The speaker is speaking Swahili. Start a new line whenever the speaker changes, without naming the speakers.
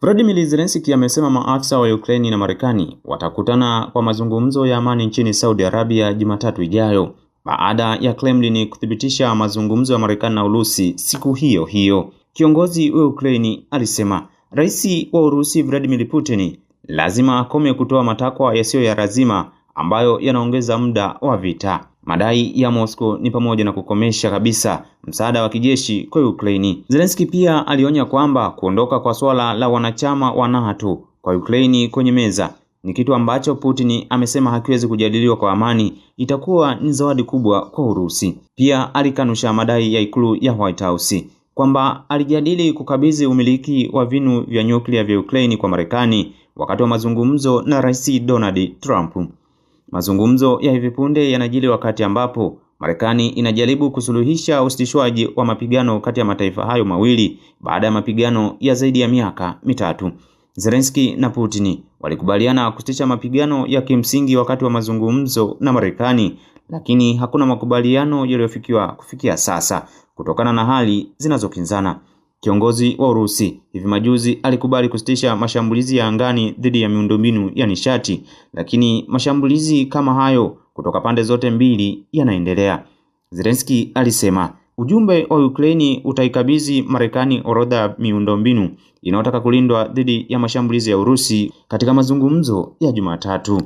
Volodymyr Zelensky amesema maafisa wa Ukraini na Marekani watakutana kwa mazungumzo ya amani nchini Saudi Arabia Jumatatu ijayo baada ya Kremlin kuthibitisha mazungumzo ya Marekani na Urusi siku hiyo hiyo. Kiongozi wa Ukraini alisema Rais wa Urusi Vladimir Putin lazima akome kutoa matakwa yasiyo ya lazima ambayo yanaongeza muda wa vita. Madai ya Moscow ni pamoja na kukomesha kabisa msaada wa kijeshi kwa Ukraini. Zelensky pia alionya kwamba kuondoka kwa swala la wanachama wa NATO kwa Ukraini kwenye meza ni kitu ambacho Putin amesema hakiwezi kujadiliwa kwa amani, itakuwa ni zawadi kubwa kwa Urusi. Pia alikanusha madai ya ikulu ya White House kwamba alijadili kukabidhi umiliki wa vinu vya nyuklia vya Ukraini kwa Marekani wakati wa mazungumzo na Rais Donald Trump. Mazungumzo ya hivi punde yanajiri wakati ambapo Marekani inajaribu kusuluhisha usitishwaji wa mapigano kati ya mataifa hayo mawili baada ya mapigano ya zaidi ya miaka mitatu. Zelensky na Putin walikubaliana kusitisha mapigano ya kimsingi wakati wa mazungumzo na Marekani, lakini hakuna makubaliano yaliyofikiwa kufikia sasa kutokana na hali zinazokinzana. Kiongozi wa Urusi hivi majuzi alikubali kusitisha mashambulizi ya angani dhidi ya miundombinu ya nishati, lakini mashambulizi kama hayo kutoka pande zote mbili yanaendelea. Zelensky alisema ujumbe wa Ukraini utaikabidhi Marekani orodha ya miundombinu inayotaka kulindwa dhidi ya mashambulizi ya Urusi katika mazungumzo ya Jumatatu.